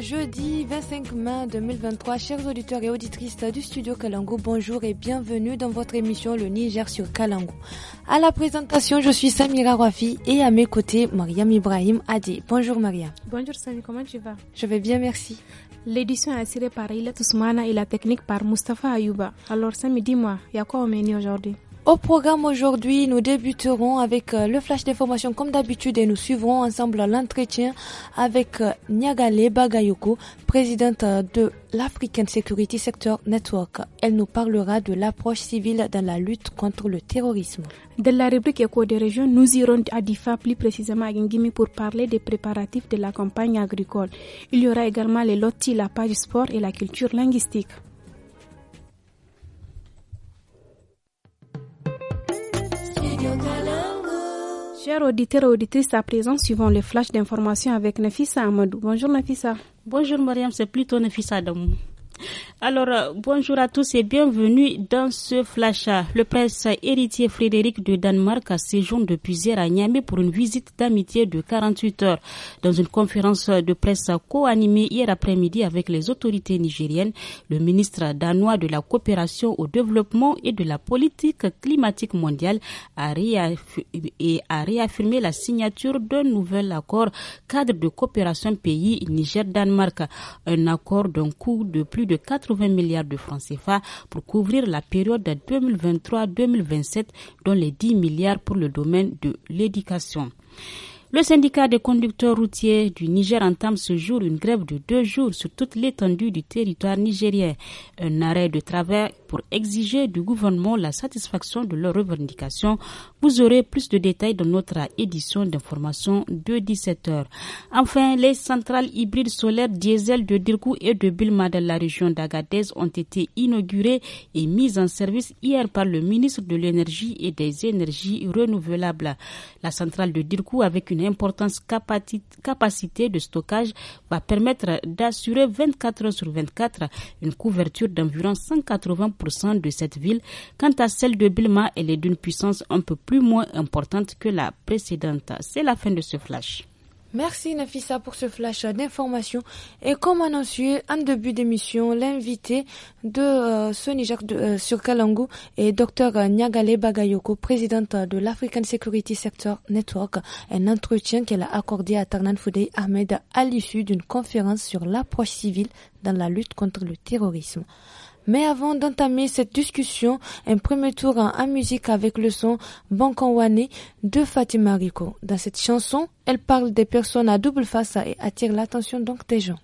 jeudi 25 mai 2023, chers auditeurs et auditrices du studio Kalango, bonjour et bienvenue dans votre émission Le Niger sur Kalango. À la présentation, je suis Samira Rafi et à mes côtés, Mariam Ibrahim Adi. Bonjour Mariam. Bonjour Samy, comment tu vas Je vais bien, merci. L'édition est assurée par Ilat Ousmana et la technique par Mustafa Ayuba. Alors Samy, dis-moi, il y a quoi au menu aujourd'hui au programme aujourd'hui, nous débuterons avec euh, le flash d'information comme d'habitude et nous suivrons ensemble l'entretien avec euh, Nyagale Bagayoko, présidente euh, de l'African Security Sector Network. Elle nous parlera de l'approche civile dans la lutte contre le terrorisme. Dans la rubrique Éco des régions, nous irons à Difa, plus précisément à Ngimi, pour parler des préparatifs de la campagne agricole. Il y aura également les lotis, la page sport et la culture linguistique. Chers auditeurs et auditrices, à présent, suivons le flash d'information avec Nafissa Amadou. Bonjour Nafissa. Bonjour Mariam, c'est plutôt Nafissa Damou. Alors, euh, bonjour à tous et bienvenue dans ce flash. Le prince héritier Frédéric de Danemark a séjourné depuis hier à Niamey pour une visite d'amitié de 48 heures. Dans une conférence de presse co-animée hier après-midi avec les autorités nigériennes, le ministre danois de la coopération au développement et de la politique climatique mondiale a, a réaffirmé la signature d'un nouvel accord cadre de coopération pays Niger-Danemark. Un accord d'un coût de plus de 80 milliards de francs CFA pour couvrir la période de 2023-2027, dont les 10 milliards pour le domaine de l'éducation. Le syndicat des conducteurs routiers du Niger entame ce jour une grève de deux jours sur toute l'étendue du territoire nigérien. Un arrêt de travail pour exiger du gouvernement la satisfaction de leurs revendications. Vous aurez plus de détails dans notre édition d'information de 17h. Enfin, les centrales hybrides solaires diesel de Dirkou et de Bilma de la région d'Agadez ont été inaugurées et mises en service hier par le ministre de l'Énergie et des Énergies renouvelables. La centrale de Dirkou avec une L'importance capacité de stockage va permettre d'assurer 24 heures sur 24 une couverture d'environ 180% de cette ville. Quant à celle de Bilma, elle est d'une puissance un peu plus moins importante que la précédente. C'est la fin de ce flash. Merci Nafissa pour ce flash d'information Et comme annoncé en début d'émission, l'invité de euh, ce Niger euh, sur Kalangu est Dr euh, Nyagale Bagayoko, présidente de l'African Security Sector Network, un entretien qu'elle a accordé à Tarnan Foudey Ahmed à l'issue d'une conférence sur l'approche civile dans la lutte contre le terrorisme. Mais avant d'entamer cette discussion, un premier tour en musique avec le son Bankonwane de Fatima Rico. Dans cette chanson, elle parle des personnes à double face et attire l'attention donc des gens.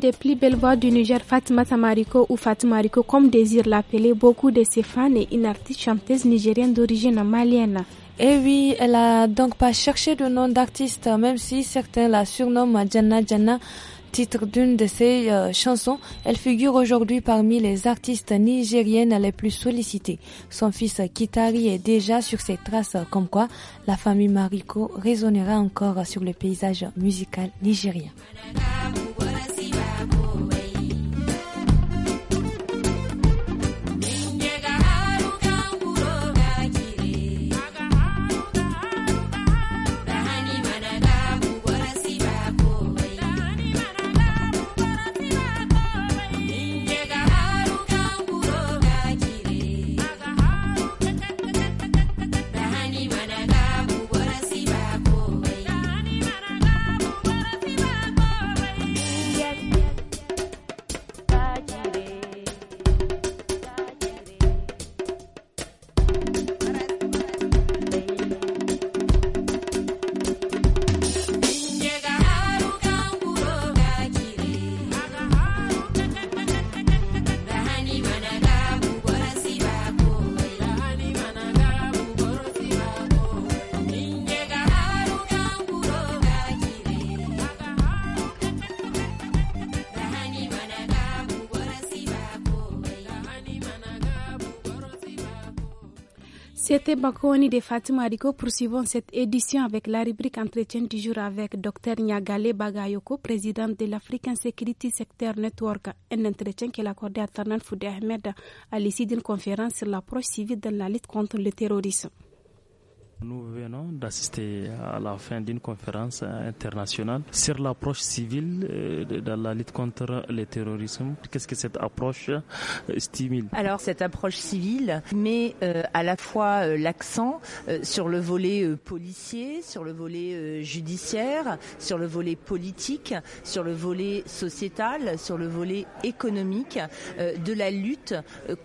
des plus belles voix du Niger, Fatima Tamariko ou Fatima Mariko, comme désire l'appeler beaucoup de ses fans, est une artiste chanteuse nigérienne d'origine malienne. Eh oui, elle a donc pas cherché de nom d'artiste, même si certains la surnomment Jana Jana, titre d'une de ses euh, chansons. Elle figure aujourd'hui parmi les artistes nigériennes les plus sollicitées. Son fils Kitari est déjà sur ses traces, comme quoi la famille Mariko résonnera encore sur le paysage musical nigérien. C'était Bakouani de Fatima Rico. Poursuivons cette édition avec la rubrique Entretien du jour avec Dr Nyagale Bagayoko, président de l'African Security Sector Network. Un entretien qu'elle a accordé à Tarnan Foudé Ahmed à l'issue d'une conférence sur l'approche civile dans la lutte contre le terrorisme. Nous venons d'assister à la fin d'une conférence internationale sur l'approche civile euh, dans la lutte contre le terrorisme. Qu'est-ce que cette approche euh, stimule Alors cette approche civile met euh, à la fois l'accent sur le volet policier, sur le volet judiciaire, sur le volet politique, sur le volet sociétal, sur le volet économique de la lutte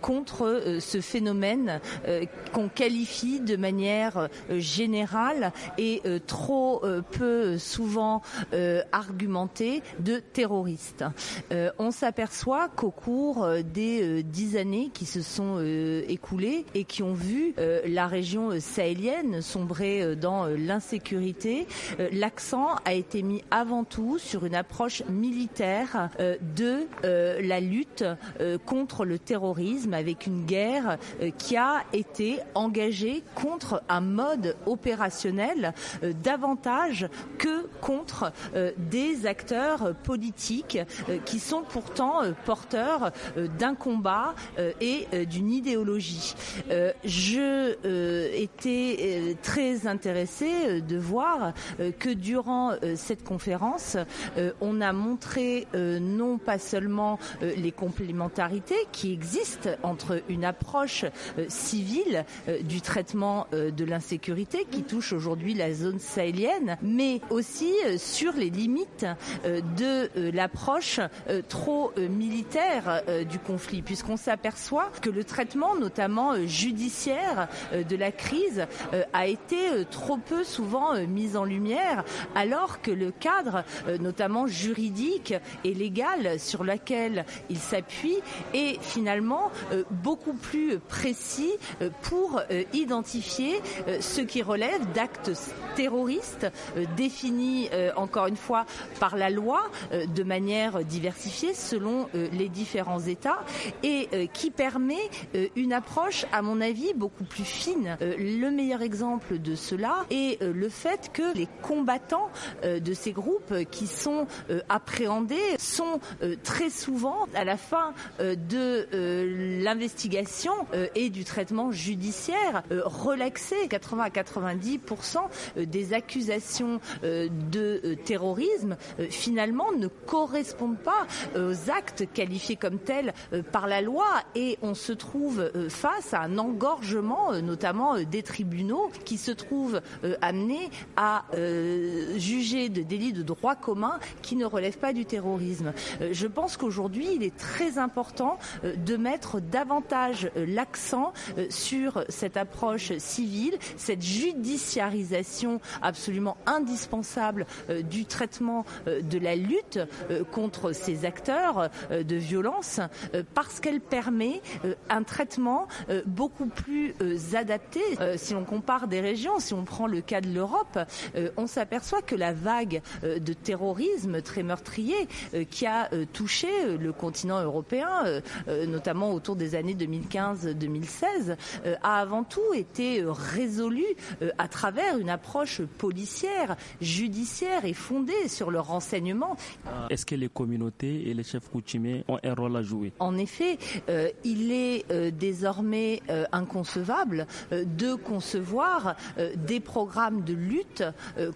contre ce phénomène qu'on qualifie de manière euh, générale et euh, trop euh, peu souvent argumentée de terroristes. on s'aperçoit qu'au cours des dix années qui se sont écoulées et qui ont vu la région sahélienne sombrer dans l'insécurité, l'accent a été mis avant tout sur une approche militaire de la lutte contre le terrorisme avec une guerre qui a été engagée contre un mode opérationnelle euh, davantage que contre euh, des acteurs euh, politiques qui sont pourtant porteurs d'un combat et d'une idéologie. Je étais très intéressée de voir que durant cette conférence, on a montré non pas seulement les complémentarités qui existent entre une approche civile du traitement de l'insécurité, qui touche aujourd'hui la zone sahélienne, mais aussi euh, sur les limites euh, de euh, l'approche trop militaire du conflit, puisqu'on s'aperçoit que le traitement, notamment judiciaire, de la crise a été trop peu souvent mis en lumière, alors que le cadre, notamment juridique et légal, sur lequel il s'appuie, est finalement beaucoup plus précis pour identifier ce qui relève d'actes terroristes euh, définis euh, encore une fois par la loi euh, de manière diversifiée selon les différents États et qui permet une approche à mon avis beaucoup plus fine. Le meilleur exemple de cela est le fait que les combattants de ces groupes qui sont appréhendés sont très souvent à la fin de l'investigation et du traitement judiciaire relaxés à 90 euh, des accusations euh, de euh, terrorisme finalement ne correspondent pas aux actes qualifiés comme tels par la loi et on se trouve face à un engorgement notamment des tribunaux qui se trouvent amenés à juger de délits de droit commun qui ne relèvent pas du terrorisme. Je pense qu'aujourd'hui il est très important de mettre davantage l'accent sur cette approche civile, cette judiciarisation absolument indispensable euh, du traitement euh, de la lutte euh, contre ces acteurs de violence parce qu'elle permet un traitement beaucoup plus adapté. Si on compare des régions, si on prend le cas de l'Europe, on s'aperçoit que la vague de terrorisme très meurtrier qui a touché le continent européen, notamment autour des années 2015-2016, a avant tout été résolue euh, à travers une approche policière, judiciaire et fondée sur le renseignement. Euh, est-ce que les communautés et les chefs coutumiers ont un rôle à jouer En effet, euh, il est désormais inconcevable de concevoir des programmes de lutte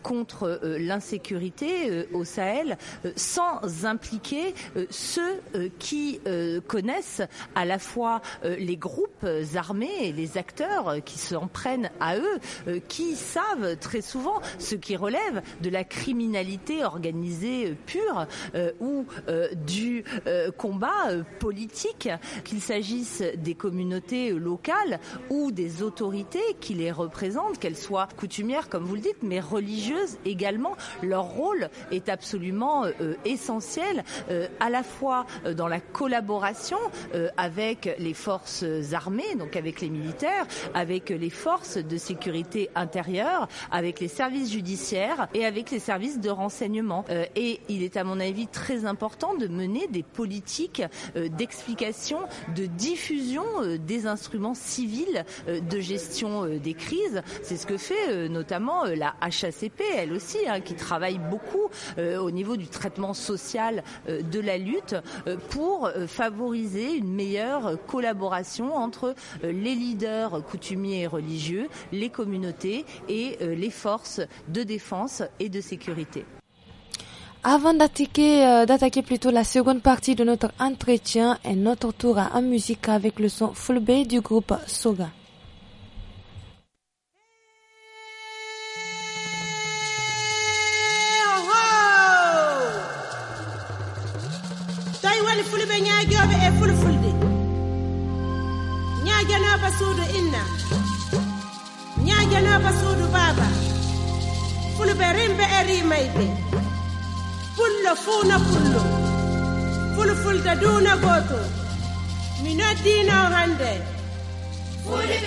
contre l'insécurité au Sahel sans impliquer ceux qui connaissent à la fois les groupes armés et les acteurs qui s'en prennent à eux euh, qui savent très souvent ce qui relève de la criminalité organisée euh, pure euh, ou du combat politique, qu'il s'agisse des communautés locales ou des autorités qui les représentent, qu'elles soient coutumières comme vous le dites, mais religieuses également. Leur rôle est absolument essentiel à la fois dans la collaboration avec les forces armées, donc avec les militaires, avec les forces de sécurité sécurité intérieure, avec les services judiciaires et avec les services de renseignement. Euh, et il est à mon avis très important de mener des politiques euh, d'explication, de diffusion euh, des instruments civils de gestion des crises. C'est ce que fait notamment la HACP, elle aussi, hein, qui travaille beaucoup au niveau du traitement social de la lutte pour favoriser une meilleure collaboration entre les leaders coutumiers et religieux, les communautés et les forces de défense et de sécurité. Avant d'attaquer, d'attaquer plutôt la seconde partie de notre entretien, et notre tour en musique avec le son Full b du groupe Soga. nyaja naba baba, funu berimbe rimɓe e rimayɓe pullo fuuna pullo fulfulde duuna gooto mi noddino hannde fulɓe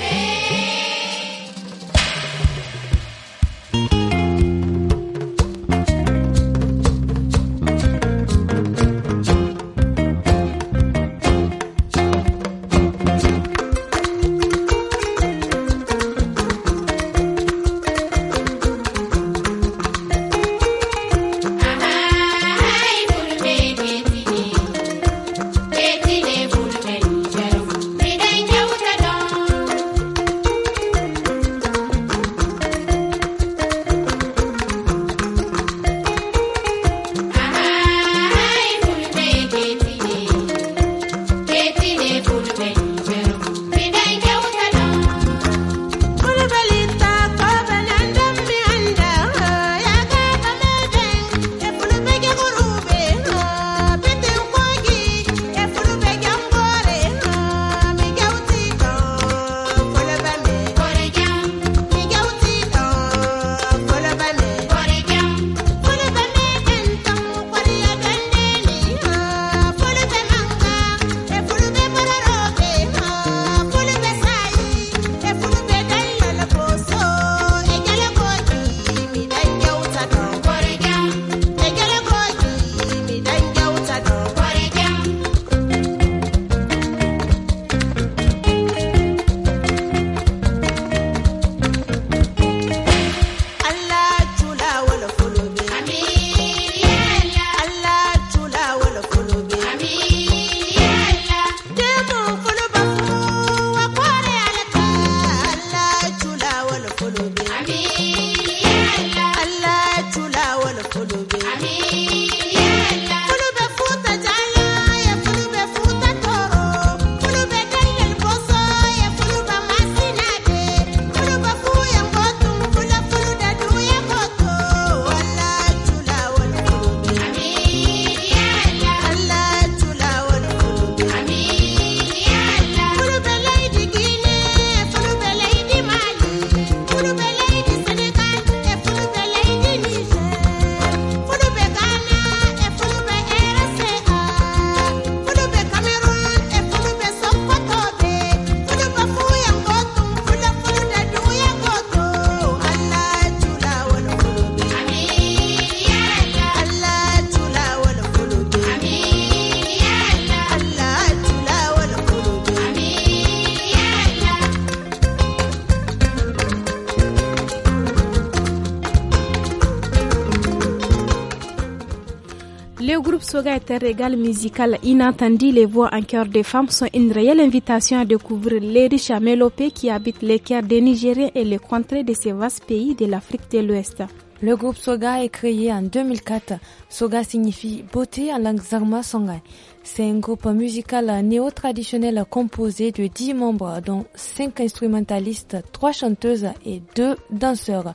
Soga est un régal musical inattendu. Les voix en chœur des femmes sont une réelle invitation à découvrir les riches amélopées qui habitent les cœurs des Nigériens et les contrées de ces vastes pays de l'Afrique de l'Ouest. Le groupe Soga est créé en 2004. Soga signifie beauté en langue Zarma Songhai. C'est un groupe musical néo-traditionnel composé de 10 membres, dont 5 instrumentalistes, 3 chanteuses et 2 danseurs.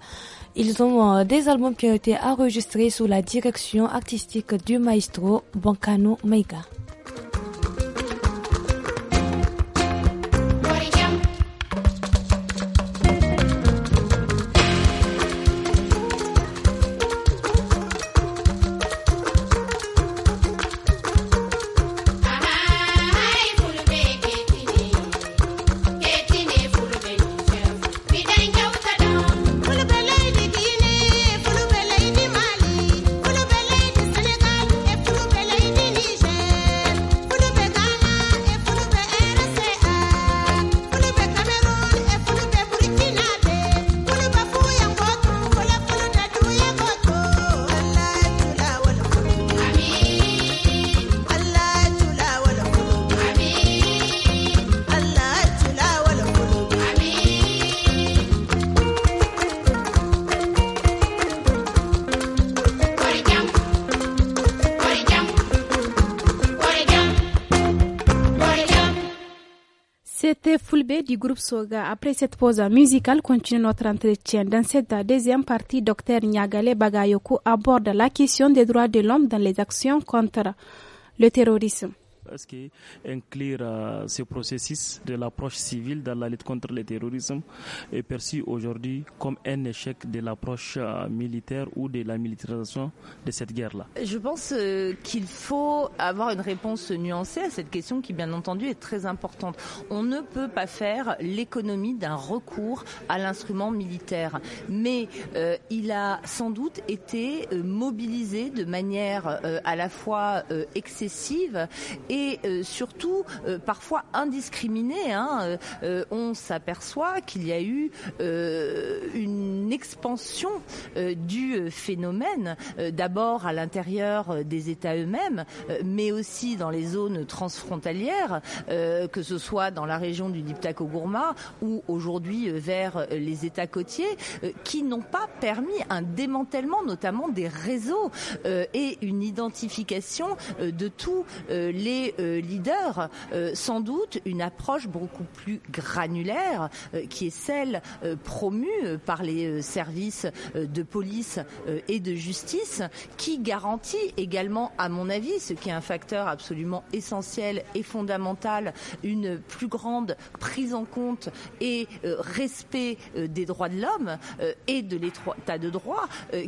Ils ont euh, des albums qui ont été enregistrés sous la direction artistique du maestro Bancano Meiga. du groupe Soga. Après cette pause musicale, continue notre entretien. Dans cette deuxième partie, Dr Nyagale Bagayoku aborde la question des droits de l'homme dans les actions contre le terrorisme est ce qu'inclure euh, ce processus de l'approche civile dans la lutte contre le terrorisme est perçu aujourd'hui comme un échec de l'approche euh, militaire ou de la militarisation de cette guerre-là Je pense euh, qu'il faut avoir une réponse nuancée à cette question qui, bien entendu, est très importante. On ne peut pas faire l'économie d'un recours à l'instrument militaire, mais il a sans doute été mobilisé de manière à la fois excessive et et euh, surtout euh, parfois indiscriminé, Hein, euh, on s'aperçoit qu'il y a eu une expansion du phénomène, d'abord à l'intérieur des États eux-mêmes, mais aussi dans les zones transfrontalières, que ce soit dans la région du Diptaco-Gourma ou aujourd'hui vers les États côtiers, qui n'ont pas permis un démantèlement notamment des réseaux et une identification de tous les euh, leader, euh, sans doute une approche beaucoup plus granulaire euh, qui est celle promue par les services de police et de justice qui garantit également, à mon avis, ce qui est un facteur absolument essentiel et fondamental, une plus grande prise en compte et respect des droits de l'homme et de l'état de droit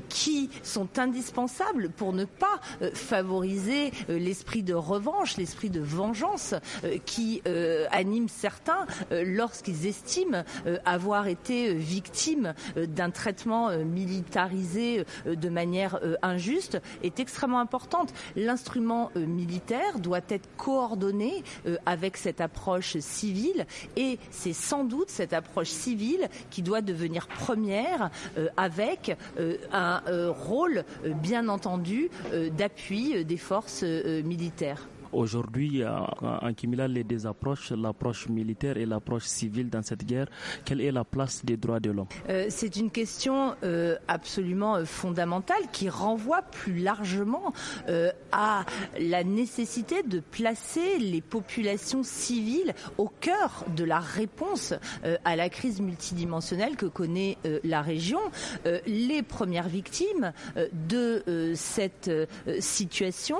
qui sont indispensables pour ne pas favoriser l'esprit de revanche, esprit de vengeance euh, qui euh, anime certains euh, lorsqu'ils estiment avoir été victimes d'un traitement militarisé de manière injuste est extrêmement importante. L'instrument militaire doit être coordonné avec cette approche civile et c'est sans doute cette approche civile qui doit devenir première avec un rôle bien entendu d'appui des forces militaires. Aujourd'hui, euh, en cumulant les deux approches, l'approche militaire et l'approche civile dans cette guerre, quelle est la place des droits de l'homme euh, C'est une question euh, absolument fondamentale qui renvoie plus largement à la nécessité de placer les populations civiles au cœur de la réponse à la crise multidimensionnelle que connaît la région. les premières victimes de cette situation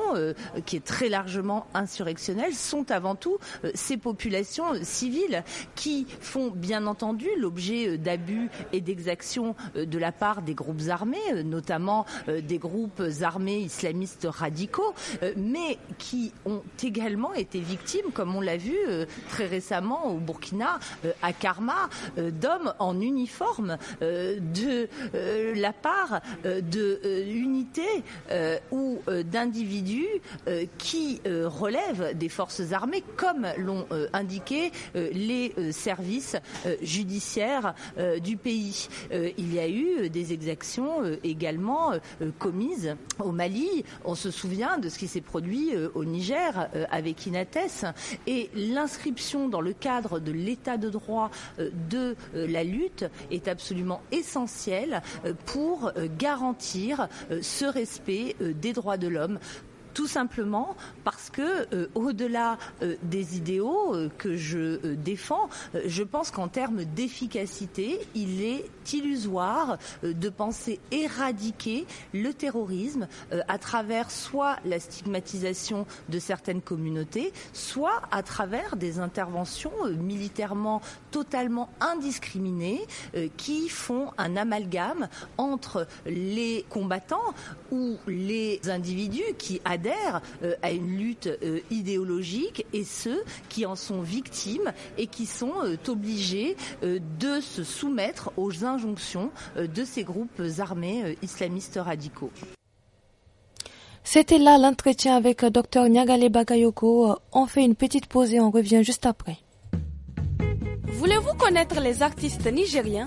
qui est très largement insurrectionnels sont avant tout euh, ces populations civiles qui font bien entendu l'objet euh, d'abus et d'exactions euh, de la part des groupes armés, notamment des groupes armés islamistes radicaux, mais qui ont également été victimes, comme on l'a vu très récemment au Burkina, à Karma, d'hommes en uniforme de la part de ou d'individus qui relève des forces armées, comme l'ont euh, indiqué euh, les euh, services judiciaires du pays. il y a eu des exactions également commises au Mali. On se souvient de ce qui s'est produit au Niger avec Inates et l'inscription dans le cadre de l'état de droit de la lutte est absolument essentielle pour garantir ce respect des droits de l'homme tout simplement parce que euh, au-delà euh, des idéaux euh, que je défends, je pense qu'en termes d'efficacité, il est illusoire de penser éradiquer le terrorisme à travers soit la stigmatisation de certaines communautés, soit à travers des interventions militairement totalement indiscriminées qui font un amalgame entre les combattants ou les individus qui adhèrent euh, à une lutte euh, idéologique et ceux qui en sont victimes et qui sont euh, obligés de se soumettre aux injonctions de ces groupes armés islamistes radicaux. C'était là l'entretien avec Dr Niagale Bagayoko. On fait une petite pause et on revient juste après. Voulez-vous connaître les artistes nigériens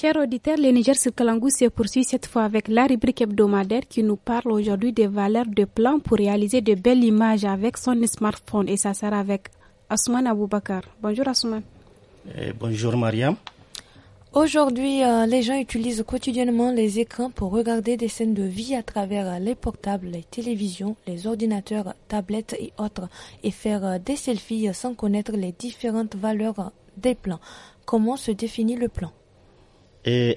Chers auditeurs, le Niger sur se poursuit cette fois avec la rubrique hebdomadaire qui nous parle aujourd'hui des valeurs de plans pour réaliser de belles images avec son smartphone et ça sera avec Asman Aboubakar. Bonjour Asman. Eh, bonjour Mariam. Aujourd'hui, euh, les gens utilisent quotidiennement les écrans pour regarder des scènes de vie à travers euh, les portables, les télévisions, les ordinateurs, tablettes et autres, et faire euh, des selfies sans connaître les différentes valeurs des plans. Comment se définit le plan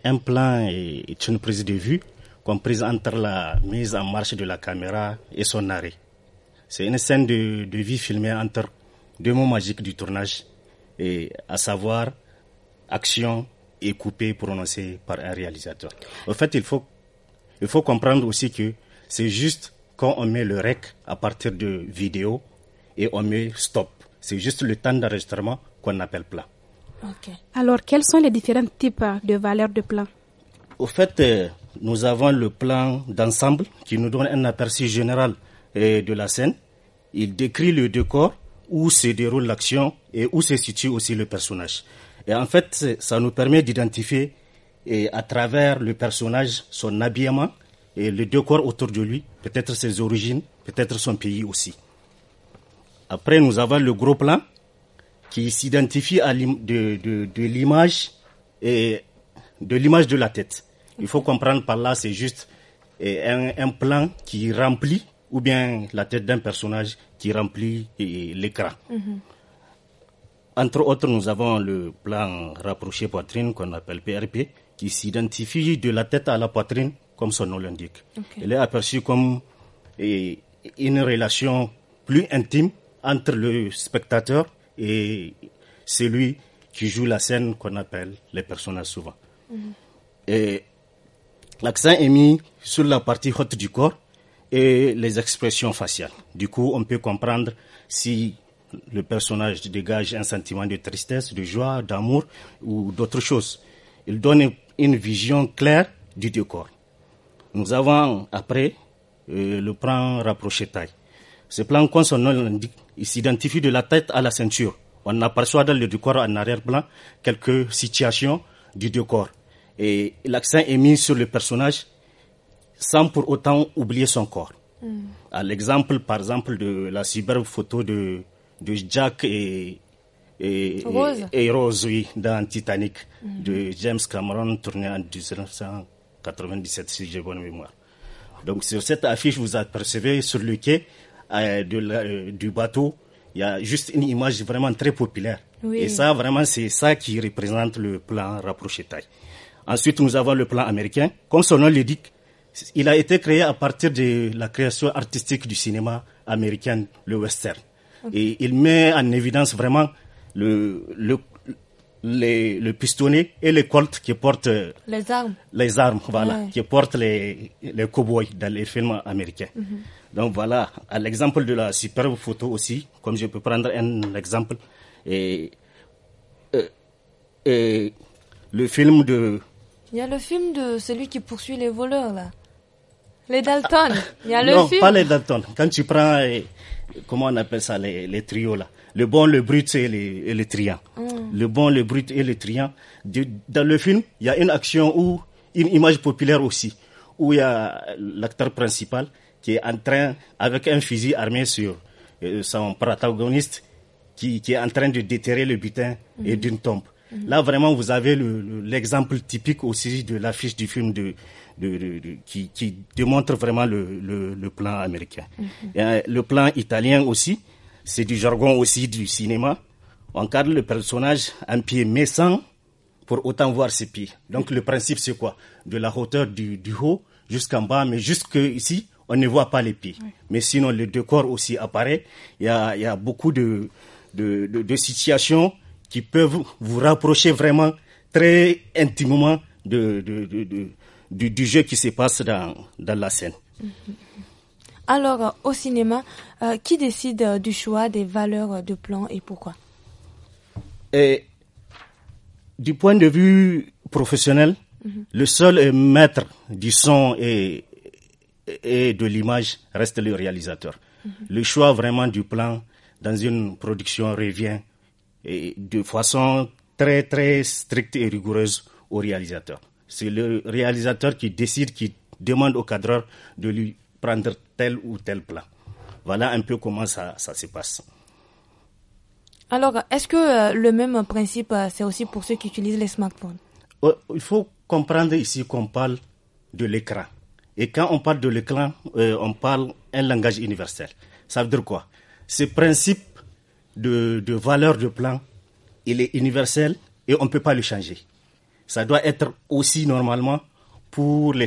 un plan est une prise de vue comprise entre la mise en marche de la caméra et son arrêt. C'est une scène de, vie filmée entre deux mots magiques du tournage, et à savoir action et coupé prononcé par un réalisateur. En fait, il faut, il faut comprendre aussi que c'est juste quand on met le rec à partir de vidéo et on met stop. C'est juste le temps d'enregistrement qu'on appelle plat. Alors, quels sont les différents types de valeurs de plan Au fait, euh, nous avons le plan d'ensemble qui nous donne un aperçu général euh, de la scène. Il décrit le décor, où se déroule l'action et où se situe aussi le personnage. Et en fait, ça nous permet d'identifier euh, à travers le personnage son habillement et le décor autour de lui, peut-être ses origines, peut-être son pays aussi. Après, nous avons le gros plan qui s'identifie de, de, l'image et de l'image de la tête. Il faut comprendre par là, c'est juste eh, un, plan qui remplit ou bien la tête d'un personnage qui remplit eh, l'écran. Mm-hmm. Entre autres, nous avons le plan rapproché poitrine qu'on appelle PRP, qui s'identifie de la tête à la poitrine, comme son nom l'indique. Elle est aperçue comme eh, une relation plus intime entre le spectateur et c'est lui qui joue la scène qu'on appelle les personnages souvent. Mhm. Et l'accent est mis sur la partie haute du corps et les expressions faciales. Du coup, on peut comprendre si le personnage dégage un sentiment de tristesse, de joie, d'amour ou d'autres choses. Il donne une vision claire du décor. Nous avons après euh, le plan rapproché taille. Ce plan, comme son nom l'indique, il s'identifie de la tête à la ceinture. On aperçoit dans le décor en arrière-plan quelques situations du décor. Et l'accent est mis sur le personnage sans pour autant oublier son corps. Hmm. À l'exemple, par exemple, de la superbe photo de, de Jack et, Rose. dans Titanic, hmm. de James Cameron, tourné en 1997, si j'ai bonne mémoire. Donc, sur cette affiche, vous apercevez sur le quai euh, euh, du bateau, il y a juste une image vraiment très populaire. Et ça, vraiment, c'est ça qui représente le plan rapproché taille. Ensuite, nous avons le plan américain. Comme son nom le il a été créé à partir de la création artistique du cinéma américain, le western. Et il met en évidence vraiment le, le, le pistonnet et les colts qui portent les armes. Les armes, voilà, qui portent les, les cow-boys dans les films américains. Mhm. Donc voilà, à l'exemple de la superbe photo aussi, comme je peux prendre un exemple, euh, et, le film de... Il y a le film de celui qui poursuit les voleurs, là. Les Dalton. non, pas les Dalton. Quand tu prends, euh, comment on appelle ça, les, trios, là. Le bon, le brut et, les, et mm. le bon, le brut et le triant. dans le film, il y a une action ou une image populaire aussi, où il y a l'acteur principal qui est en train, avec un fusil armé sur euh, son protagoniste, qui, qui est en train de déterrer le butin et mhm. d'une tombe. Mhm. Là, vraiment, vous avez l'exemple typique aussi de l'affiche du film de, de, qui, qui, démontre vraiment le, le plan américain. Mhm. Euh, le plan italien aussi, c'est du jargon aussi du cinéma. On cadre le personnage en pied, mais sans pour autant voir ses pieds. Donc, le principe, c'est quoi De la hauteur du, haut jusqu'en bas, mais jusque ici, on ne voit pas les pieds. Mais sinon, le décor aussi apparaît. Il y a, beaucoup de, de, situations qui peuvent vous rapprocher vraiment très intimement de, du, jeu qui se passe dans, la scène. Mhm. Alors, euh, au cinéma, euh, qui décide euh, du choix des valeurs de plan et pourquoi et, Du point de vue professionnel, mhm. le seul maître du son est et de l'image reste le réalisateur. Le choix vraiment du plan dans une production revient de façon très très stricte et rigoureuse au réalisateur. C'est le réalisateur qui décide, qui demande au cadreur de lui prendre tel ou tel plan. Voilà un peu comment ça, ça se passe. Alors, est-ce que euh, le même principe, euh, c'est aussi pour ceux qui utilisent les smartphones euh, Il faut comprendre ici qu'on parle de l'écran. Et quand on parle de l'écran, euh, on parle un langage universel. Ça veut dire quoi Ce principe de, valeur de plan, il est universel et on ne peut pas le changer. Ça doit être aussi normalement pour les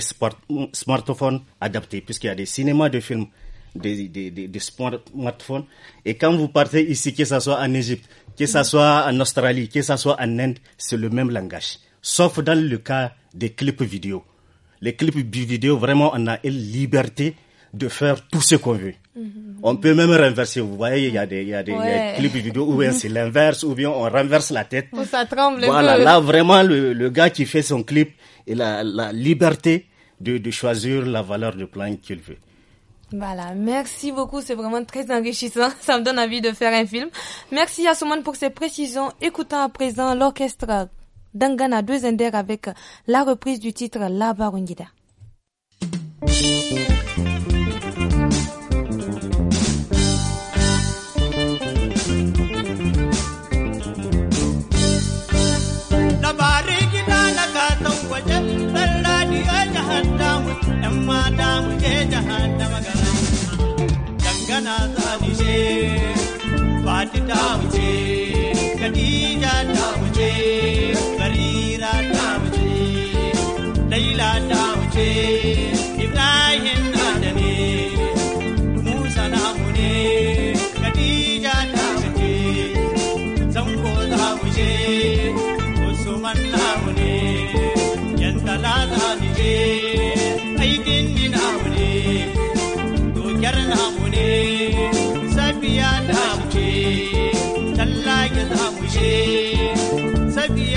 smartphones adaptés, puisqu'il y a des cinémas de films, des, des, smartphones. Et quand vous partez ici, que ce soit en Égypte, que ce soit en Australie, que ce soit en Inde, c'est le même langage. Sauf dans le cas des clips vidéo les clips vidéo, vraiment, on a une liberté de faire tout ce qu'on veut. Mhm. On peut même renverser. Vous voyez, il y a des, clips vidéo où c'est l'inverse, ou bien on renverse la tête. Où ça tremble. Voilà, là vraiment, le, gars qui fait son clip, il a la liberté de, choisir la valeur de plan qu'il veut. Voilà, merci beaucoup, c'est vraiment très enrichissant, ça me donne envie de faire un film. Merci à Souman pour ces précisions. Écoutons à présent l'orchestre Dangana deux Zender avec la reprise du titre La Barungida. je je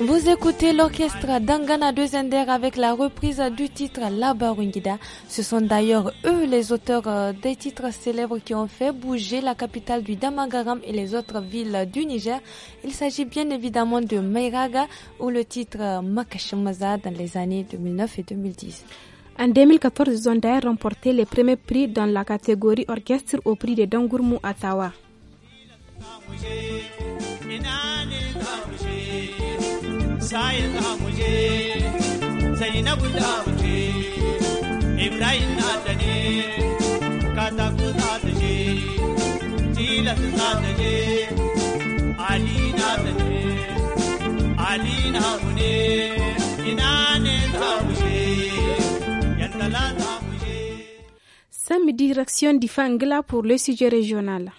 Vous écoutez l'orchestre d'Angana 2 Zender avec la reprise du titre La Ce sont d'ailleurs eux les auteurs euh, des titres célèbres qui ont fait bouger la capitale du Damagaram et les autres villes du Niger. Il s'agit bien évidemment de Meiraga ou le titre euh, Makashamaza dans les années 2009 et 2010. En 2014, zonda a remporté les premiers prix dans la catégorie orchestre au prix de Dangourmou Atawa. Sam, direction Ngla pour le sujet régional.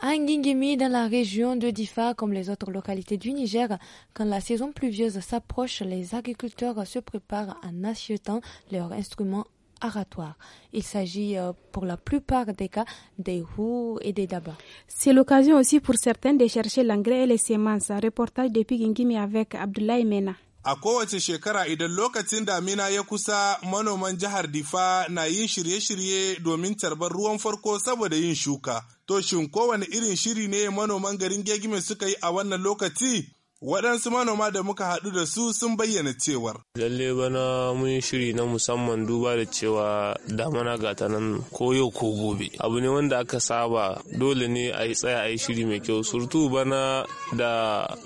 Ngingimi, dans la région de Difa, comme les autres localités du Niger, quand la saison pluvieuse s'approche, les agriculteurs se préparent en achetant leurs instruments aratoires. Il s'agit euh, pour la plupart des cas des roues et des dabas. C'est l'occasion aussi pour certains de chercher l'engrais et les semences. Reportage depuis Ngingimi avec Abdoulaye Mena. A kowace shekara idan lokacin damina ya kusa manoman jihar Difa na yin shirye-shirye domin tarbar ruwan farko saboda yin shuka. To shin kowane irin shiri ne manoman garin Gegime suka yi a wannan lokaci? waɗansu manoma da muka haɗu da su sun bayyana cewar. Lalle bana mun shiri na musamman duba da cewa damana gata nan ko yau ko gobe. Abu ne wanda aka saba dole ne a yi tsaya a yi shiri mai kyau. Surtu bana da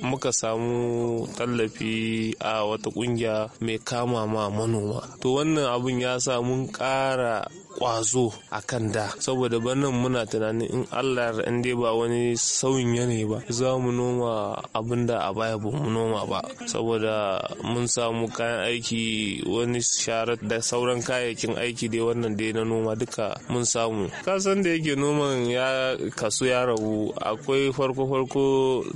muka samu tallafi a wata ƙungiya mai kama ma manoma. To wannan abun ya sa mun ƙara kwazo a kan da saboda banan muna tunanin in allah in dai ba wani sauyin yanayi ba za mu noma abinda a baya wallahi ba noma ba saboda mun samu kayan aiki wani sharar da sauran kayayyakin aiki dai wannan dai na noma duka mun samu kasan da yake noman ya kasu ya rabu akwai farko farko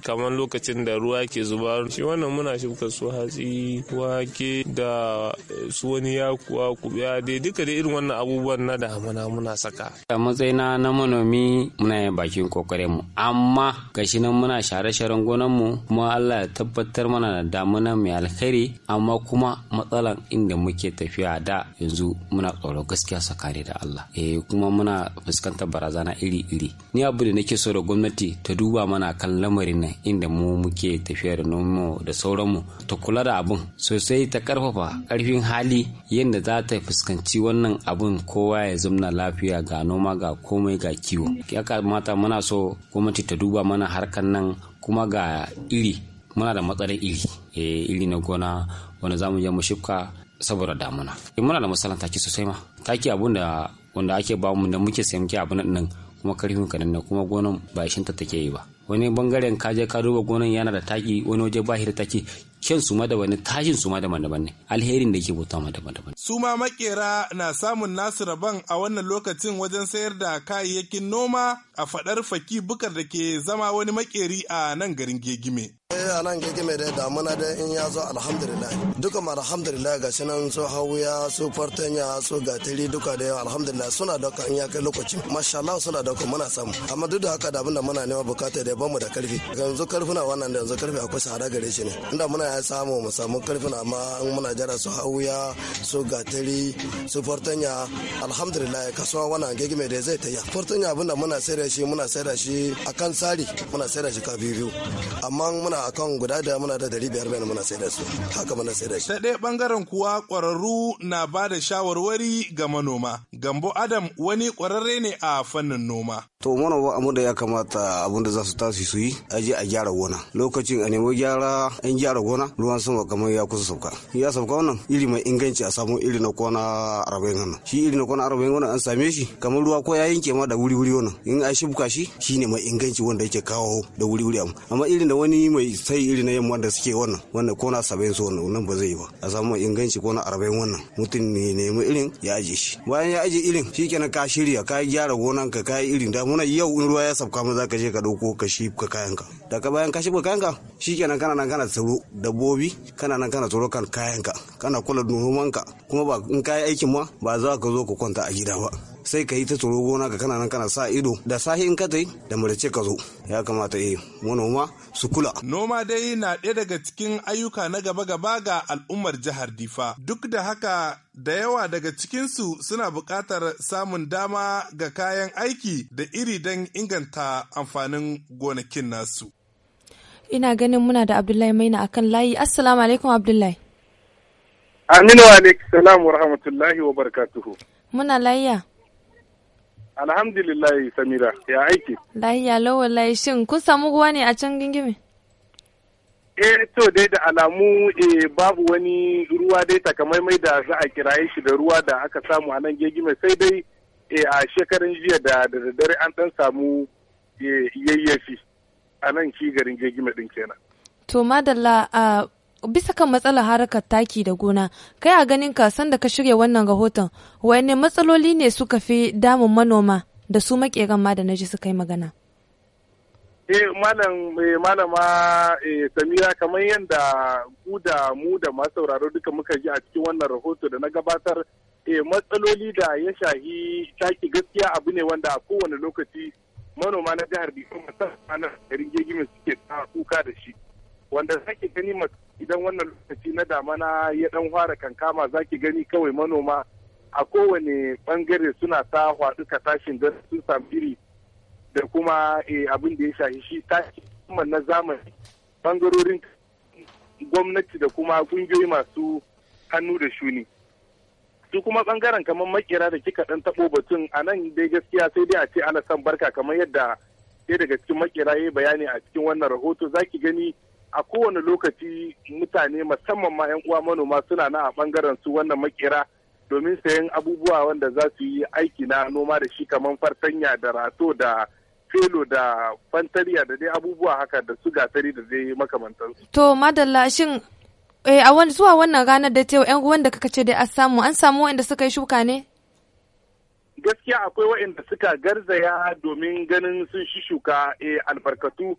kamar lokacin da ruwa ke zuba shi wannan muna shi su hatsi wake da su wani yakuwa kubiya dai duka dai irin wannan abubuwan na damana muna saka a matsayina na manomi muna yin bakin kokarin mu amma gashi nan muna share-sharen gonan mu kuma Allah Allah ya tabbatar mana da damuna mai alkhairi amma kuma matsalan inda muke tafiya da yanzu muna tsoro gaskiya sakare da Allah eh kuma muna fuskantar barazana iri-iri ni abu da nake so da gwamnati ta duba mana kan lamarin nan inda mu muke tafiya da nomo da sauranmu ta kula da abun sosai ta karfafa karfin hali yadda za ta fuskanci wannan abun kowa ya zumna lafiya ga noma ga komai ga kiwo ya kamata muna so gwamnati ta duba mana harkan nan kuma ga iri muna da matsalar iri eh, iri na gona wanda zamu je mu shifka saboda damuna eh, muna da matsalar taki sosai ma taki abun da wanda ake ba mu da muke sayan ke abun nan kuma karfin ka na kuma gonan ba ta take yi ba wani bangaren ka ka duba gonan yana da taki wani waje ba shi da taki kyan su ma da wani tashin su ma da daban ne alherin da yake bota ma daban daban su ma makera na samun nasu rabon a wannan lokacin wajen sayar da kayayyakin noma a fadar faki bukar da ke zama wani makeri a nan garin gegime. Eh, a nan gegime da damuna da in ya zo alhamdulillah duka ma alhamdulillah ga nan su hawuya su fartanya su gatari duka da yawa alhamdulillah suna dauka in ya kai lokaci masha suna dauka muna samu amma duk da haka da abinda muna nema bukata da bamu da karfi yanzu karfuna wannan da yanzu karfi akwai sahara gare shi ne inda muna ya samu mu samu karfuna amma in muna jira su hawuya su gatari su fartanya alhamdulillah kasuwa wannan gege mai da zai tayya fartanya abin da muna sayar da shi muna sayar da shi akan tsari muna sayar da shi ka biyu biyu amma muna akan guda da muna da dari biyar muna sayar da su haka muna sayar shi. ta ɗaya ɓangaren kuwa ƙwararru na ba da shawarwari ga manoma gambo adam wani ƙwararre ne a fannin noma. to ba abin da ya kamata abin da za su tasi su yi a je a gyara gona lokacin a nemo gyara an gyara gona ruwan sama kamar ya kusa sauka ya sauka wannan iri mai inganci a samu iri na kwana arba'in hannu shi iri na kwana arba'in wannan an same shi kamar ruwa ko ya yanke ma da wuri wuri wannan in an shibka shi shine mai inganci wanda yake kawo da wuri wuri amma irin da wani mai sai iri na yamma da suke wannan wannan kona saba'in su wannan nan ba zai yi ba a samu inganci kona arba'in wannan mutum ne nemi irin ya aje shi bayan ya aje irin kenan ka shirya ka gyara gonan ka yi irin damuna yau in ruwa ya sabka ma za ka je ka dauko ka shibka kayanka daga bayan ka shibka kayanka kenan kana nan kana tsaro dabbobi kana nan kana tsaro kan kayanka kana kula nomanka kuma ba in kayi aikin ma ba za ka zo ka kwanta a gida ba sai ka yi ta tsoro gona ka kana nan kana sa ido da sahi in ka ta yi da murace ka zo ya kamata eh manoma su kula noma dai na ɗaya daga cikin ayyuka na gaba-gaba ga al'ummar jihar difa duk da haka da yawa daga cikinsu suna buƙatar samun dama ga kayan aiki da iri don inganta amfanin gonakin nasu ina ganin muna da abdullahi maina akan layi assalamu alaikum abdullahi Aminu wa alaikum salam wa rahmatullahi wa barakatuhu. Muna layya. Alhamdulillah Samira, ya aiki. Layya lawa layi shin kun samu ruwa ne a can gingime? Eh to dai da alamu eh, babu wani ruwa dai takamaimai da za a kiraye shi da ruwa da aka samu a nan gingime sai dai eh, a shekarun jiya da daddare an dan samu eh, yayyafi a nan shi garin gingime din kenan. To madalla a ah, bisa kan matsalar harkar taki da gona kai a ganin ka san da ka shirya wannan rahoton wayanne matsaloli ne suka fi damun manoma da su makeran ma da na ji suka yi magana eh malam eh, malama eh, samira kamar yadda ku da mu da masu sauraro duka muka ji a cikin wannan rahoto da na gabatar eh matsaloli da ya shahi taki gaskiya abu ne wanda a kowane lokaci manoma na jihar Bikin musamman na garin Gegimin suke ta kuka da shi. wanda zaki gani idan wannan lokaci na damana ya dan fara kankama zaki gani kawai manoma a kowane bangare suna ta ka tashin da sun samfiri da kuma eh, abin da ya shahi shi tashi na zamani bangarorin gwamnati da kuma kungiyoyi masu hannu da shuni su kuma bangaren kamar makera da kika dan tabo batun a nan dai gaskiya sai dai a ce alasan barka kamar yadda sai daga cikin makera ya yi bayani a cikin wannan rahoto zaki gani a kowane lokaci mutane musamman ma 'yan uwa manoma suna na a bangaren su wannan makera domin sayan abubuwa wanda za su yi aiki na noma da shi kamar fartanya da rato da felo da fantariya da dai abubuwa haka da su gasari da zai makamantan makamantansu. To madalla shin eh, a wani zuwa wannan ranar da ta yan uwan da kaka ce dai an samu an samu wa'anda suka yi shuka ne? Gaskiya akwai wa'anda suka garzaya domin ganin sun shi shuka eh, albarkatu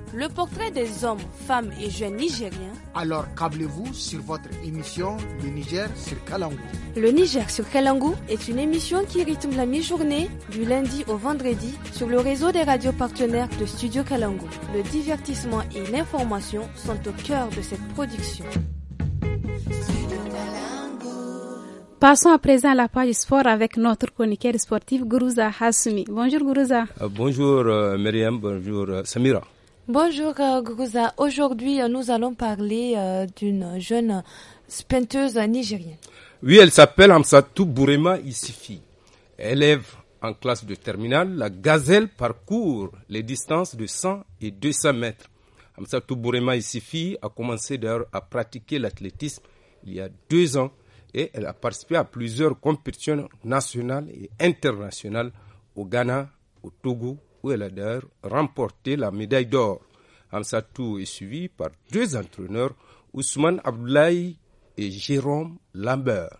le portrait des hommes, femmes et jeunes nigériens. Alors câblez-vous sur votre émission Le Niger sur Kalangou. Le Niger sur Kalangou est une émission qui rythme la mi-journée du lundi au vendredi sur le réseau des radios partenaires de Studio Kalangou. Le divertissement et l'information sont au cœur de cette production. Passons à présent à la page sport avec notre chroniqueur sportif Gourouza Hassoumi. Bonjour Gourouza. Euh, bonjour euh, Myriam, bonjour euh, Samira. Bonjour euh, Gouza. Aujourd'hui, euh, nous allons parler euh, d'une jeune sprinteuse nigérienne. Oui, elle s'appelle Amsatou Bourema Isifi. Élève en classe de terminale, la gazelle parcourt les distances de 100 et 200 mètres. Amsatou Bourema Isifi a commencé d'ailleurs à pratiquer l'athlétisme il y a deux ans et elle a participé à plusieurs compétitions nationales et internationales au Ghana, au Togo, où elle a d'ailleurs remporté la médaille d'or. Amsatou est suivi par deux entraîneurs, Ousmane Abdoulaye et Jérôme Lambert.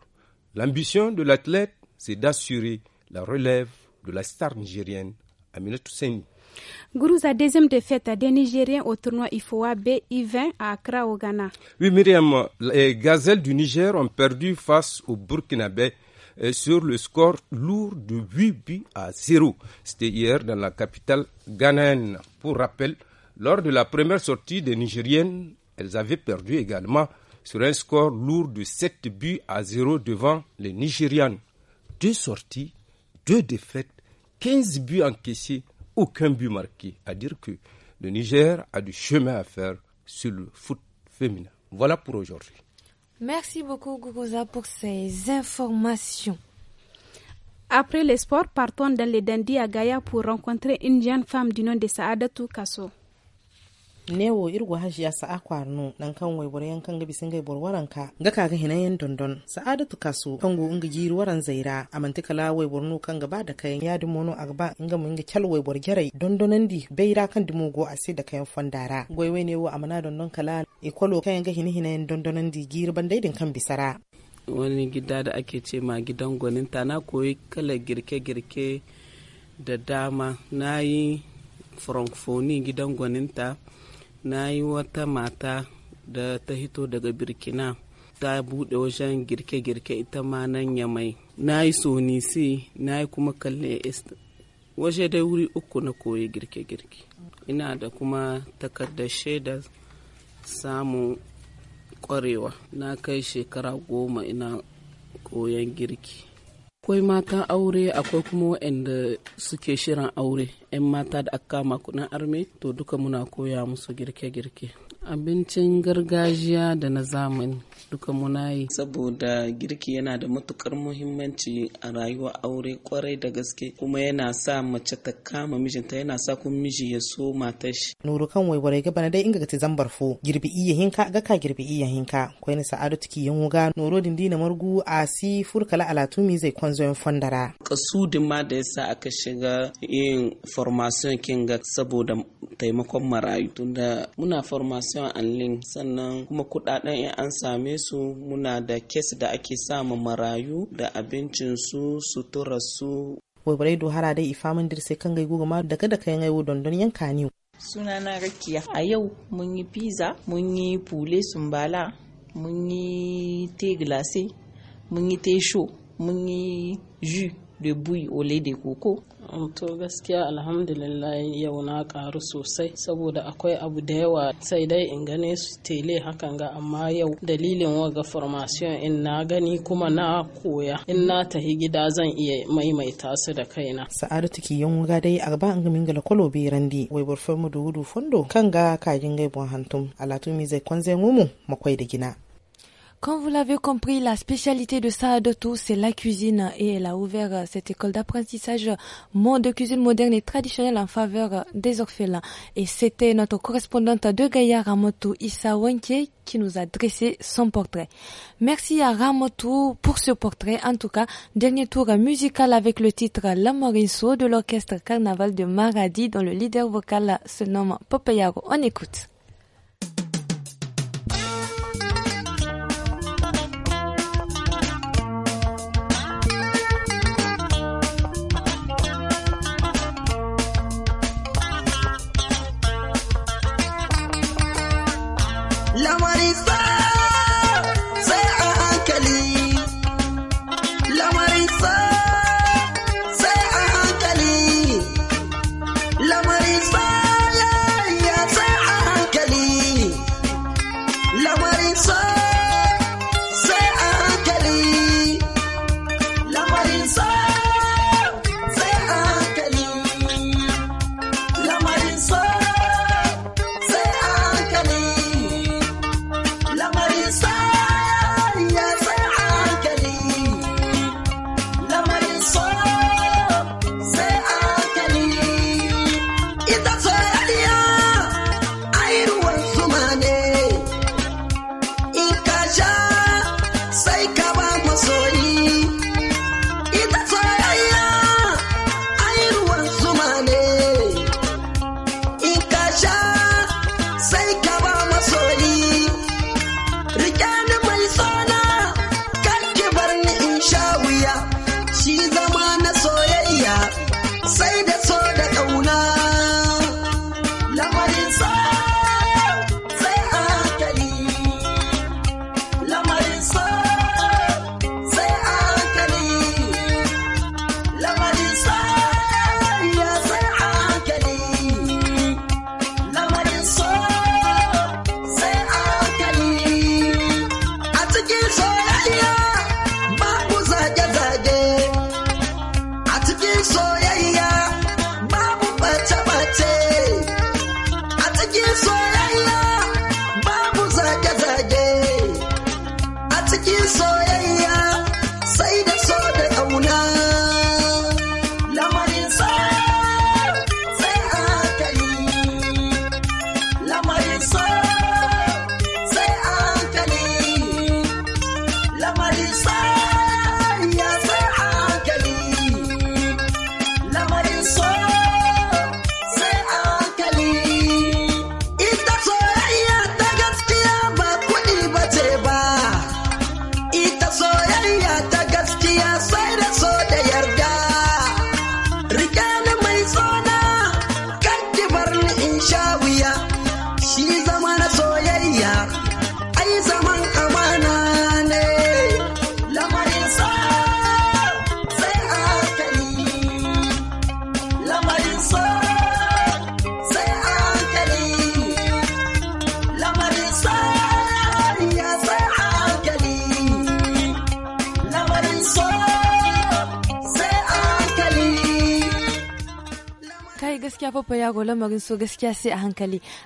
L'ambition de l'athlète, c'est d'assurer la relève de la star nigérienne Aminatou Seni. Gourouza, deuxième défaite des Nigériens au tournoi IFOA i 20 à Accra au Ghana. Oui, Myriam, les gazelles du Niger ont perdu face au Burkinabé euh, sur le score lourd de 8 buts à 0. C'était hier dans la capitale ghanéenne. Pour rappel, lors de la première sortie des Nigériennes, elles avaient perdu également sur un score lourd de 7 buts à 0 devant les Nigérianes. Deux sorties, deux défaites, 15 buts encaissés, aucun but marqué. À dire que le Niger a du chemin à faire sur le foot féminin. Voilà pour aujourd'hui. Merci beaucoup, Gugosa pour ces informations. Après les sports, partons dans les dandy à Gaïa pour rencontrer une jeune femme du nom de Saadatou Kasso. newo irgu hajiya sa'a kwarno dan kan waibor yankan gabi sun gaibor waranka ga kaga hinayen dondon sa'adatu kan kango inga jiri waran zaira amantikala waibor no kan gaba da kayan yadi mono agba inga mun inga kyal waibor gerai dondonan di beira kan go a sai da kayan fandara ne newo amana dondon kala ikwalo kayan ga hinayen dondonan di giri daidin kan bisara wani gida da ake ce ma gidan gwaninta na koyi kala girke-girke da dama na yi francophonie gidan gwaninta na yi wata mata da ta hito daga birkina ta buɗe wajen girke-girke ita ma nan yamai na yi sonisi na yi kuma kalle waje dai wuri uku na koyi girke-girke ina da kuma takardar shaidar samun kwarewa na kai shekara goma ina koyon girki akwai mata aure akwai kuma waɗanda suke shirin aure 'yan mata da aka kama kudin arme to duka muna koya musu girke-girke abincin gargajiya da na zamani duka muna yi saboda girki yana da matukar muhimmanci a rayuwa aure kwarai da gaske kuma yana sa mace ta kama mijinta yana sa kuma miji ya so matar shi nuru kan waiware gaba bana dai inga ta zambar fo girbi iya hinka ga ka girbi iya hinka ko ni sa'adu tiki yan wuga nuru dindina margu a si furkala mi zai kwanzo yan fondara kasudin ma da yasa aka shiga yin formation kinga saboda taimakon marayu tunda muna formation an link sannan kuma kudaden an sami same su muna da kes da ake samu marayu da abincinsu suturarsu Wabarai dohara dai ifamin dirse kan gai guguma daga da kayan aiwo dondon yanka ne na rakiya a yau mun yi pizza mun yi pule sumbala mun yi te glace mun yi te show mun yi jus da bui ole da koko to gaskiya alhamdulillah yau na karu sosai saboda akwai abu da yawa sai dai in gane su tele hakan ga amma yau dalilin waga formation in na gani kuma na koya in na tahi gida zan iya maimaita su da kaina sa'adatu ki yan waga dai a an gamin gala kwalo randi wai burfar mu da wudu fondo kan ga kajin gaibon hantum alatu mi zai kwanze mumu makwai da gina Comme vous l'avez compris, la spécialité de Saadotou, c'est la cuisine et elle a ouvert euh, cette école d'apprentissage de cuisine moderne et traditionnelle en faveur euh, des orphelins. Et c'était notre correspondante de Gaïa Ramotou, Issa Wenke, qui nous a dressé son portrait. Merci à Ramotou pour ce portrait. En tout cas, dernier tour musical avec le titre La Morinso de l'orchestre Carnaval de Maradi dont le leader vocal se nomme Popeyaro. On écoute. someone is right.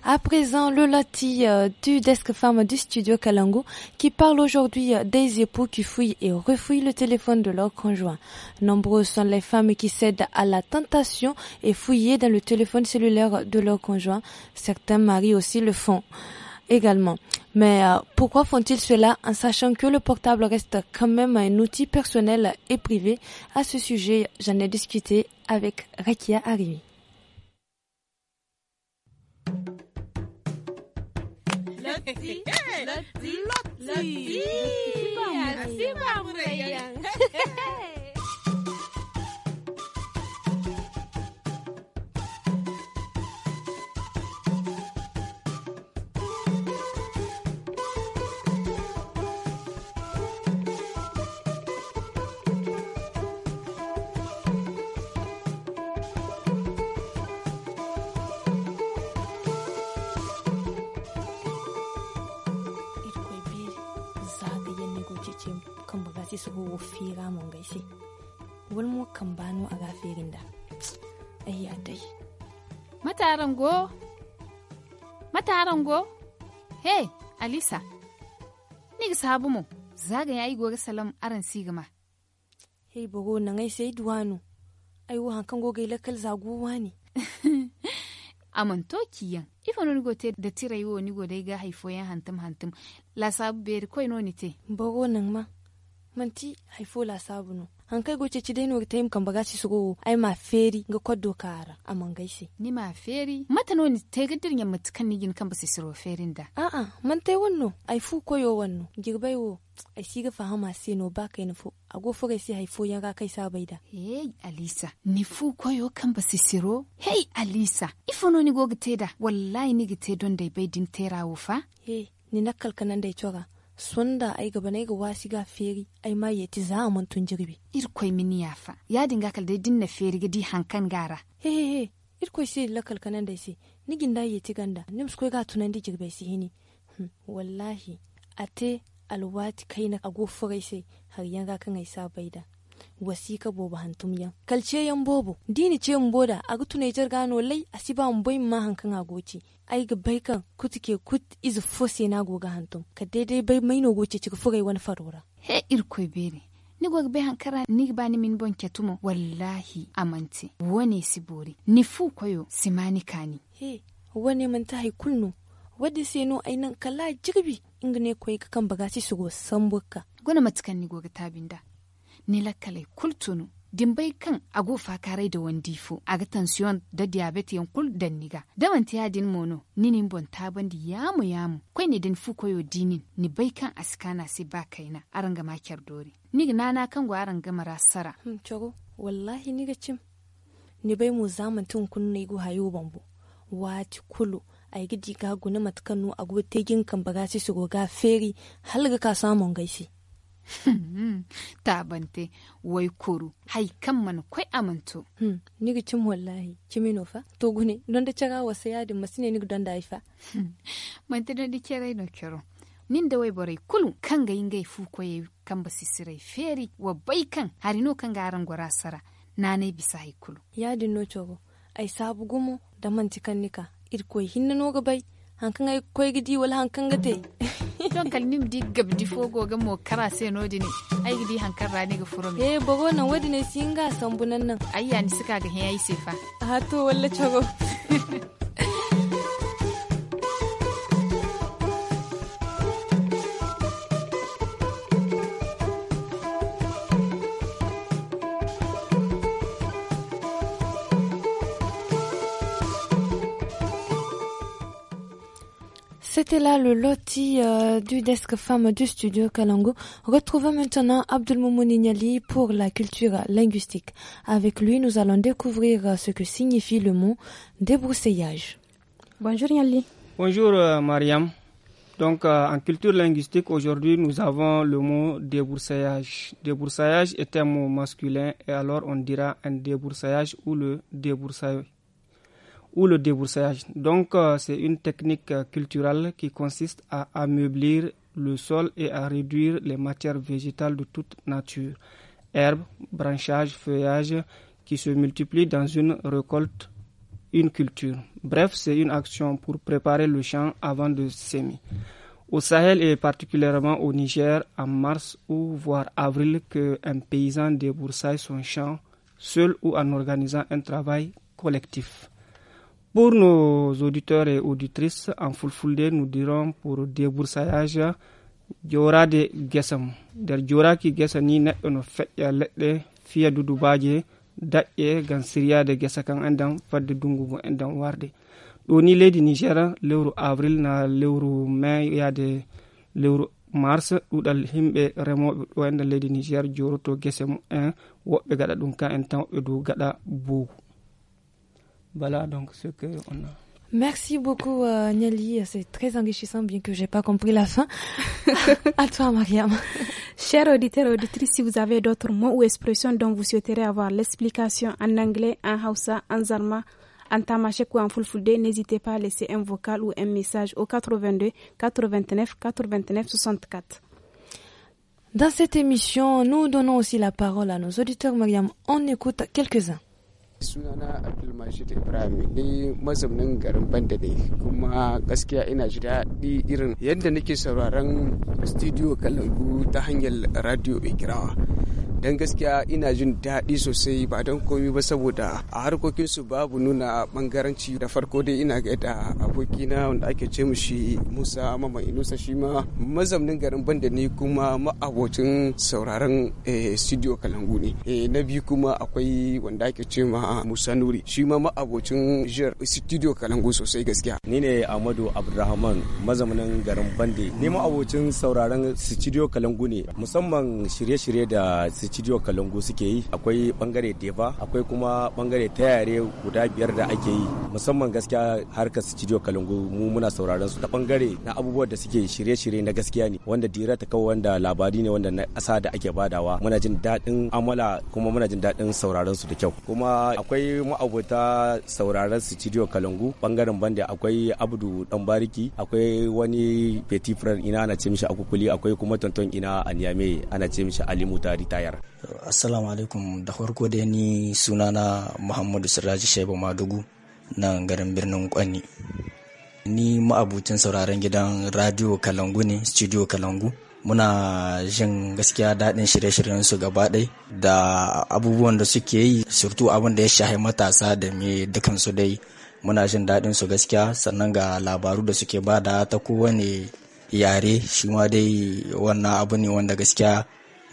À présent, le lati euh, du desk femme du studio Kalango qui parle aujourd'hui euh, des époux qui fouillent et refouillent le téléphone de leur conjoint. Nombreuses sont les femmes qui cèdent à la tentation et fouillent dans le téléphone cellulaire de leur conjoint. Certains maris aussi le font également. Mais euh, pourquoi font-ils cela en sachant que le portable reste quand même un outil personnel et privé À ce sujet, j'en ai discuté avec Rekia Arimi. Lotzi, Lotzi, Lotzi, Lotzi, Lotzi, Lotzi, kan baga si su go fira mun gaishe si kan bano a gafirin firin da ai dai mataran go mataran go he alisa ni ga sabu mu zaga yayi gore salam aran sigama hey bogo na ngai sai duwano ai wo hankan go gai lakal zaguwa ne amanto kiyan ifano go te da tira ni go dai ga haifo yan hantum hantum la sabu beri koi no te. bogo nan ma manti haifo la an hankai goce ci dai no tayim kan baga su sugo ai ma feri ga kwado kara man gaise ni ma feri mata no ni tay ga dirnya matukan ni gin kan basi siro ferin da a a man tay wonno ai fu koyo wonno girbai wo ai si ga fahama si no ba kai nufo a go fure si haifo ya ga kai sabai da hey alisa ni fu koyo kan basi siro hey alisa ifo no ni go gite teda wallahi ni gite don dai bai din terawo fa hey ni nakkal kanan dai coga sunda ai gaba nai ga wasi ga feri ai ma yeti za a mantun jirbi irkoi mini ya fa ya dinga kal dai dinna feri gadi hankan gara he he he irkoi sai lakal kanan da si nigin da yeti ganda nims koi ga tunan di jirbe si hini hmm, wallahi ate alwati kai na ago sai har yanga kan ai sabai da wasika bobo hantum yan kalce yan bobo dini ce boda gutu ne jar gano lai mun bai ma hankan goce ai ga bai kan kutuke kut izu fose na goga hantum ka daidai bai mai no goce cika fugai wani farora he irko bere ni goga bai hankara ni ba ni min bon ketumo wallahi amante wone si bori ni fu koyo si mani kani he wone mun ta kullu wadda sai no ainan kala jirbi inga ne koyi kakan baga ci su go sambuka gona matukan ni goga tabinda ni kale kultunu dimbai kan agu fakarai da wandifu aga tansiyon da yan kul da niga man tiya din mono ninin bon taban di yamu yamu kwai ne din koyo dinin ni bai kan askana sai ba kaina aranga makiyar dori niga nana kan gwa aranga marasara hmm, chogo wallahi niga cim ni bai mu zamantin ne go hayo bambo wati kulu ai gidi ga guna matkanu agu tegin kan baga su goga feri halga ka samun gaisi bante wai kuru hai kan man kwai amanto ni hmm, nigi cim wallahi cimi no fa to gune don da yadin wasa yadi masine nigi don da ai hmm, man ta don di kerai no kero nin da wai borai kulu kan ga ingai fu yi kan ba basi sirai feri wa bai kan hari no kan ga aran gora sara bisa hai kulu yadi no chogo ai sabu gumo da kan nika irkoi hinna no ga bai hankan ai koy gidi wal hankan gate don kan nim di gabdi fogo ga mo kara se no dine ai gidi hankan rani ga furomi eh bogo nan wadi ne singa sambunan nan ayya ni suka ga yayi sefa ha to walla chogo C'était là le loti euh, du desk femme du studio Kalango. Retrouvons maintenant Abdul ali pour la culture linguistique. Avec lui, nous allons découvrir euh, ce que signifie le mot débroussaillage. Bonjour Yali. Bonjour euh, Mariam. Donc en culture linguistique, aujourd'hui, nous avons le mot débroussaillage. Débroussaillage est un mot masculin et alors on dira un débroussaillage ou le débroussaillage ou le débroussaillage. Donc, euh, c'est une technique euh, culturelle qui consiste à ameublir le sol et à réduire les matières végétales de toute nature, herbes, branchages, feuillages, qui se multiplient dans une récolte, une culture. Bref, c'est une action pour préparer le champ avant de s'aimer. Au Sahel et particulièrement au Niger, en mars ou voire avril, qu'un paysan déboursaille son champ seul ou en organisant un travail collectif. pour nos auditeurs et auditrices en fulfulde nous dirons pour débourssayage jorade guesa mo nder joraki guesa ni neɗɗo no feƴƴa leɗɗe fiya dudubaji daƴƴe gam siryade guesa kan endan fadde dungugo endan warde ɗo ni leydi nigéria lewru avril na lewru mai yaade lewru mars ɗuɗal himɓe remoɓe ɗo enda leydi nigér joroto guese mu en woɓɓe gaɗa ɗum kan en tan woɓɓe dow gaɗa bowu Voilà donc ce qu'on a. Merci beaucoup euh, Nelly, c'est très enrichissant bien que j'ai pas compris la fin. à toi Mariam. Chers auditeurs et auditrices, si vous avez d'autres mots ou expressions dont vous souhaiterez avoir l'explication en anglais, en hausa, en zarma, en tamashek ou en fulfulde, n'hésitez pas à laisser un vocal ou un message au 82 89 89 64. Dans cette émission, nous donnons aussi la parole à nos auditeurs. Mariam, on écoute quelques-uns. sunana abdulmajid ibrahim ni mazaunin garin banda kuma gaskiya ina ji daɗi irin yadda nake sauraron studio kalangu ta hanyar radio mai kirawa dan gaskiya ina jin daɗi sosai ba don komi ba saboda a harkokin su babu nuna bangaranci da farko dai ina ga da abokina wanda ake ce shi Musa Mama Inusa shi ma mazaunin garin Banda ni kuma ma'abocin sauraron eh, studio Kalangu ne eh, na biyu kuma akwai wanda ake ce ma Musa Nuri shi ma ma'abocin jiyar studio Kalangu sosai gaskiya ni ne Ahmadu abdurrahman mazaunin garin Banda ni ma'abocin sauraron studio Kalangu ne musamman shirye-shirye da studio kalangu suke yi akwai bangare deva akwai kuma bangare ta yare guda biyar da ake yi musamman gaskiya harkar studio kalangu mu muna sauraron su ta bangare na abubuwan da suke shirye-shirye na gaskiya ne wanda dira ta kawo wanda labari ne wanda na asa da ake badawa muna jin daɗin amala kuma muna jin daɗin sauraron su da kyau kuma akwai ma'abota sauraron studio kalangu bangaren banda akwai abdu dan bariki akwai wani petit ina ana ce mishi akukuli akwai kuma tonton ina a niyame ana ce mishi ali mutari tayar jihar. Assalamu alaikum da farko dai ni sunana Muhammadu siraji Shaibu Madugu na garin birnin Kwani. Ni ma'abucin sauraron gidan Radio Kalangu ne, Studio Kalangu. Muna jin gaskiya daɗin shirye-shiryen su gaba ɗai da abubuwan da suke yi, surtu abin da ya shahi matasa da me su dai. Muna jin daɗin su gaskiya sannan ga labaru da suke bada ta kowane yare shi ma dai wannan abu ne wanda gaskiya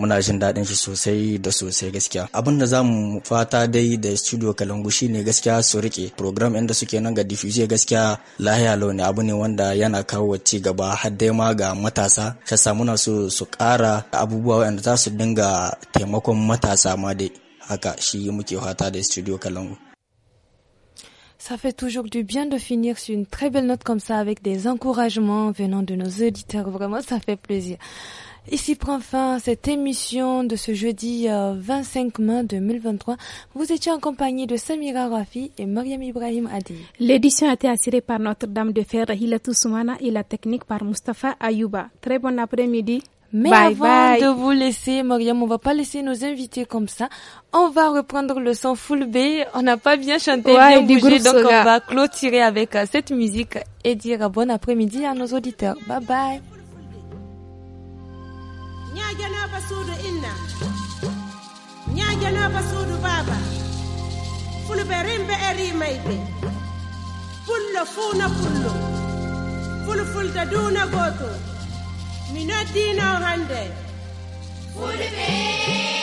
muna jin daɗin shi sosai da sosai gaskiya abin da zamu fata dai da studio kalangu shine gaskiya su rike program inda suke nan ga diffuse gaskiya lahiya lau ne abu ne wanda yana kawo ci gaba har dai ma ga matasa shasa muna so su ƙara abubuwa wanda za su dinga taimakon matasa ma dai haka shi muke fata da studio kalangu Ça fait toujours du bien de finir sur une très belle note comme ça avec des encouragements venant de nos auditeurs. Vraiment, ça fait plaisir. Ici prend fin cette émission de ce jeudi 25 euh, mai 2023. Vous étiez en compagnie de Samira Rafi et Mariam Ibrahim Adi. L'édition a été assurée par Notre-Dame de Fer, Hilatou Soumana et la technique par Mustapha Ayouba. Très bon après-midi. Mais bye avant de vous laisser, Mariam, on va pas laisser nos invités comme ça. On va reprendre le son full B. On n'a pas bien chanté, bien bougé, donc on va clôturer avec euh, cette musique et dire bon après-midi à nos auditeurs. Bye bye. nyagana basudu inna na basudu baba fulɓe rimɓe e rimayɓe pullo fuuna pullo fulfulta duuna gooto mi noddino hannde fulɓe